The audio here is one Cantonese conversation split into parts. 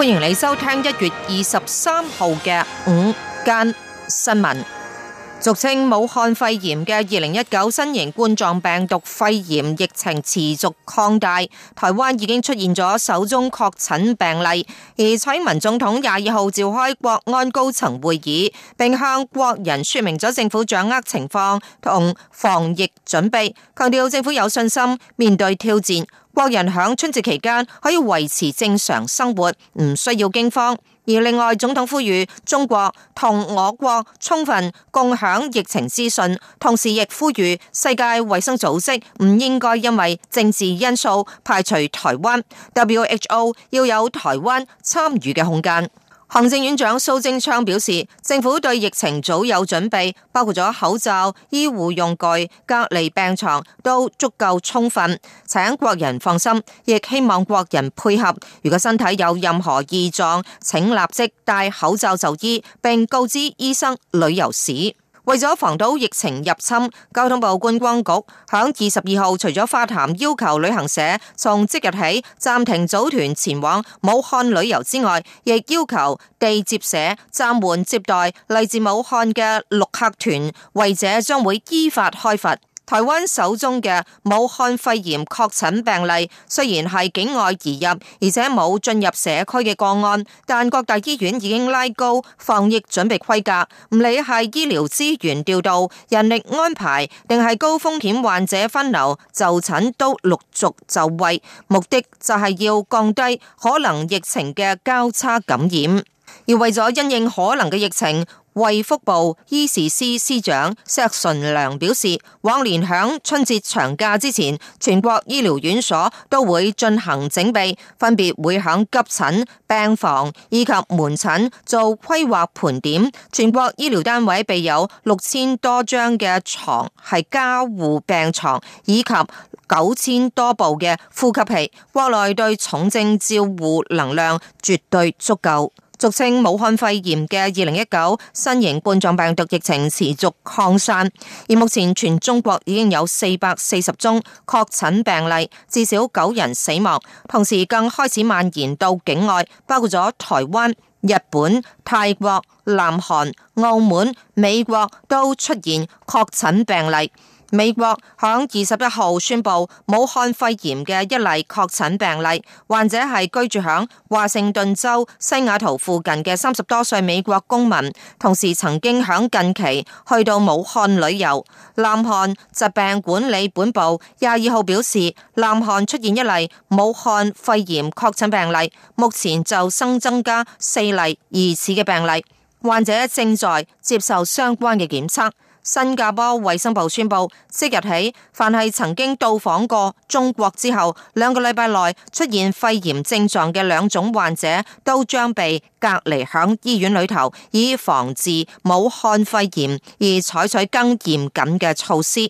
歡迎你收聽一月二十三號嘅午間新聞。俗稱武漢肺炎嘅二零一九新型冠狀病毒肺炎疫情持續擴大，台灣已經出現咗首宗確診病例。而蔡英文總統廿二號召開國安高層會議，並向國人說明咗政府掌握情況同防疫準備，強調政府有信心面對挑戰。國人喺春節期間可以維持正常生活，唔需要驚慌。而另外，總統呼籲中國同我國充分共享疫情資訊，同時亦呼籲世界衛生組織唔應該因為政治因素排除台灣。WHO 要有台灣參與嘅空間。行政院長蘇貞昌表示，政府對疫情早有準備，包括咗口罩、醫護用具、隔離病床都足夠充分，請國人放心，亦希望國人配合。如果身體有任何異狀，請立即戴口罩就醫，並告知醫生旅遊史。為咗防堵疫情入侵，交通部觀光局響二十二號除咗發函要求旅行社從即日起暫停組團前往武漢旅遊之外，亦要求地接社暫緩接待嚟自武漢嘅陸客團，違者將會依法開罰。台灣手中嘅武漢肺炎確診病例雖然係境外移入，而且冇進入社區嘅個案，但各大醫院已經拉高防疫準備規格，唔理係醫療資源調度、人力安排，定係高風險患者分流就診，都陸續就位，目的就係要降低可能疫情嘅交叉感染。而為咗因應可能嘅疫情。衛福部醫事司司長石純良表示，往年響春節長假之前，全國醫療院所都會進行整備，分別會響急診病房以及門診做規劃盤點。全國醫療單位備有六千多張嘅床係加護病床，以及九千多部嘅呼吸器。國內對重症照護能量絕對足夠。俗稱武漢肺炎嘅二零一九新型冠狀病毒疫情持續擴散，而目前全中國已經有四百四十宗確診病例，至少九人死亡。同時更開始蔓延到境外，包括咗台灣、日本、泰國、南韓、澳門、美國都出現確診病例。美國響二十一號宣布武漢肺炎嘅一例確診病例，患者係居住響華盛頓州西雅圖附近嘅三十多歲美國公民，同時曾經響近期去到武漢旅遊。南韓疾病管理本部廿二號表示，南韓出現一例武漢肺炎確診病例，目前就新增加四例疑似嘅病例，患者正在接受相關嘅檢測。新加坡衛生部宣布，即日起，凡係曾經到訪過中國之後兩個禮拜內出現肺炎症狀嘅兩種患者，都將被隔離響醫院裏頭，以防治武漢肺炎而採取更嚴謹嘅措施。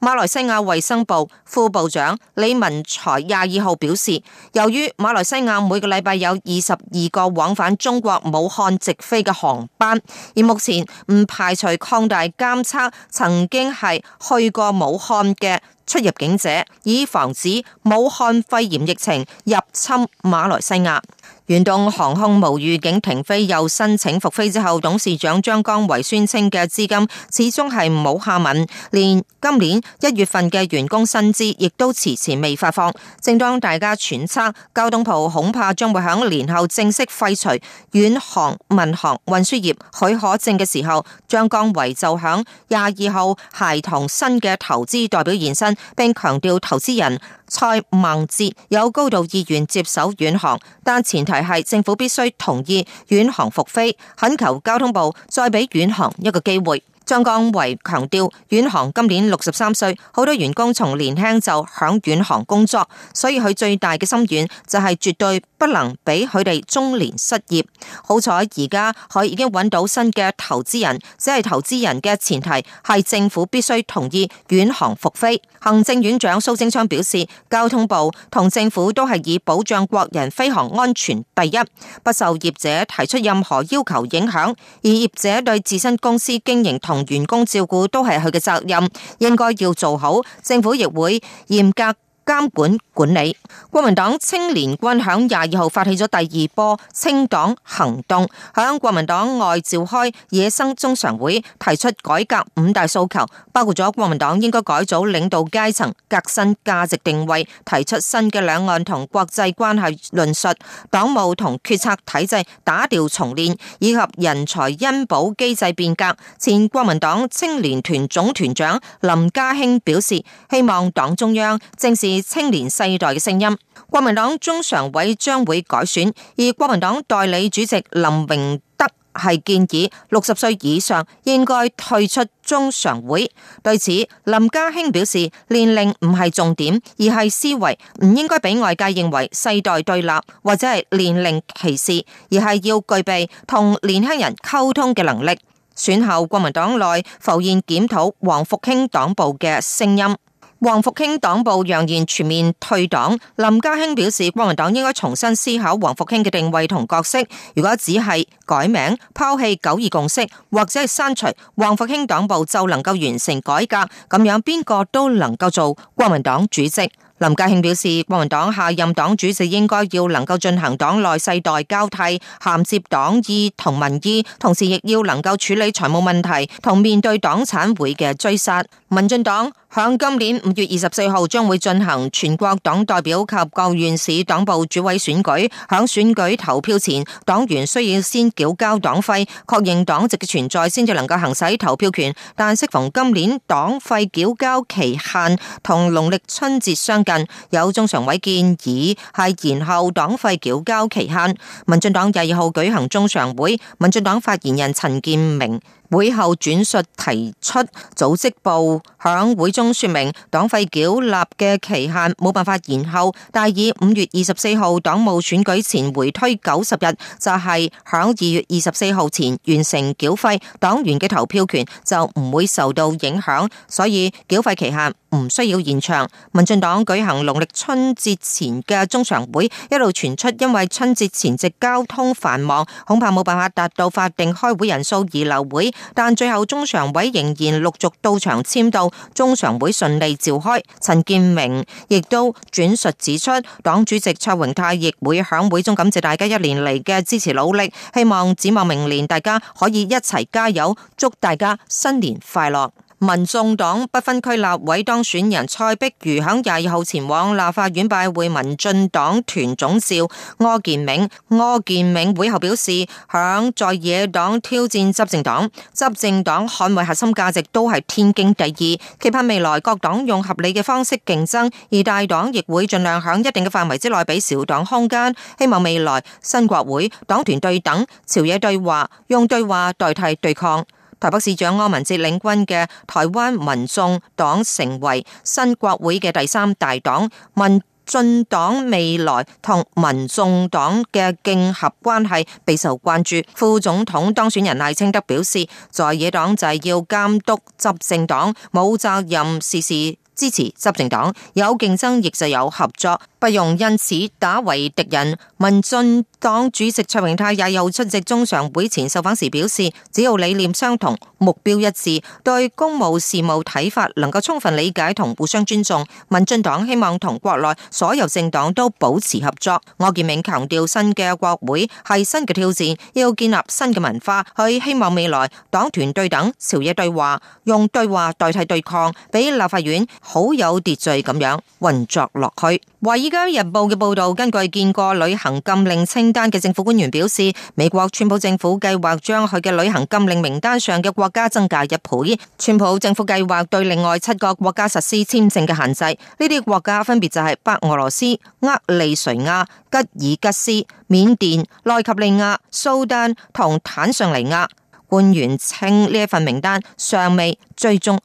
馬來西亞衛生部副部長李文才廿二號表示，由於馬來西亞每個禮拜有二十二個往返中國武漢直飛嘅航班，而目前唔排除擴大監測曾經係去過武漢嘅出入境者，以防止武漢肺炎疫情入侵馬來西亞。遠東航空無預警停飛又申請復飛之後，董事長張綱維宣稱嘅資金始終係冇下文，連今年一月份嘅員工薪資亦都遲遲未發放。正當大家揣測交通部恐怕將會響年後正式廢除遠航民航運輸業許可證嘅時候，張綱維就響廿二號攜同新嘅投資代表現身，並強調投資人蔡孟哲有高度意願接手遠航，但前提係政府必須同意遠航復飛，懇求交通部再俾遠航一個機會。張綱維強調，遠航今年六十三歲，好多員工從年輕就響遠航工作，所以佢最大嘅心願就係絕對不能俾佢哋中年失業。好彩而家佢已經揾到新嘅投資人，只係投資人嘅前提係政府必須同意遠航復飛。行政院長蘇貞昌表示，交通部同政府都係以保障國人飛航安全第一，不受業者提出任何要求影響，而業者對自身公司經營同同員工照顧都係佢嘅責任，應該要做好。政府亦會嚴格監管管理。國民黨青年軍響廿二號發起咗第二波清黨行動，響國民黨外召開野生中常會，提出改革五大訴求，包括咗國民黨應該改組領導階層、革新價值定位、提出新嘅兩岸同國際關係論述、黨務同決策體制打掉重練，以及人才因保機制變革。前國民黨青年團總團長林家興表示，希望黨中央正視係青年世代嘅聲音。國民黨中常委將會改選，而國民黨代理主席林榮德係建議六十歲以上應該退出中常會。對此，林家興表示，年齡唔係重點，而係思維唔應該俾外界認為世代對立或者係年齡歧視，而係要具備同年輕人溝通嘅能力。選後國民黨內浮現檢討黃復興黨部嘅聲音。黃復興黨部揚言全面退黨，林家興表示，國民黨應該重新思考黃復興嘅定位同角色。如果只係改名，拋棄九二共識或者係刪除黃復興黨部就能夠完成改革，咁樣邊個都能夠做國民黨主席？林家興表示，國民黨下任黨主席應該要能夠進行黨內世代交替，銜接黨意同民意，同時亦要能夠處理財務問題同面對黨產會嘅追殺。民進黨。響今年五月二十四號將會進行全國黨代表及各縣市黨部主委選舉。響選舉投票前，黨員需要先繳交黨費，確認黨籍嘅存在先至能夠行使投票權。但適逢今年黨費繳交期限同農曆春節相近，有中常委建議係延後黨費繳交期限。民進黨廿二號舉行中常會，民進黨發言人陳建明。會後轉述提出，組織部響會中說明，黨費繳納嘅期限冇辦法延後，但係以五月二十四號黨務選舉前回推九十日，就係響二月二十四號前完成繳費，黨員嘅投票權就唔會受到影響，所以繳費期限唔需要延長。民進黨舉行農曆春節前嘅中常會，一路傳出因為春節前夕交通繁忙，恐怕冇辦法達到法定開會人數而流會。但最後，中常委仍然陸續到場簽到，中常會順利召開。陳建明亦都轉述指出，黨主席卓榮泰亦會響會中感謝大家一年嚟嘅支持努力，希望指望明年大家可以一齊加油，祝大家新年快樂。民眾黨不分區立委當選人蔡壁如響廿二號前往立法院拜會民進黨團總召柯建銘，柯建銘會後表示，響在野黨挑戰執政黨，執政黨捍衛核心價值都係天經地義。期盼未來各黨用合理嘅方式競爭，而大黨亦會盡量響一定嘅範圍之內俾小黨空間。希望未來新國會黨團對等，朝野對話，用對話代替對抗。台北市長柯文哲領軍嘅台灣民眾黨成為新國會嘅第三大黨，民進黨未來同民眾黨嘅競合關係備受關注。副總統當選人賴清德表示，在野黨就係要監督執政黨，冇責任事事支持執政黨，有競爭亦就有合作。不容因此打為敵人。民進黨主席卓榮泰也有出席中常會前受訪時表示，只要理念相同、目標一致、對公務事務睇法，能夠充分理解同互相尊重，民進黨希望同國內所有政黨都保持合作。柯建銘強調，新嘅國會係新嘅挑戰，要建立新嘅文化。佢希望未來黨團對等、朝野對話，用對話代替對抗，俾立法院好有秩序咁樣運作落去。為《今日日報》嘅報道，根據見過旅行禁令清單嘅政府官員表示，美國川普政府計劃將佢嘅旅行禁令名單上嘅國家增加一倍。川普政府計劃對另外七個國家實施簽證嘅限制，呢啲國家分別就係白俄羅斯、厄利垂亞、吉爾吉斯、緬甸、奈及利亞、蘇丹同坦尚尼亞。官員稱呢一份名單尚未最終。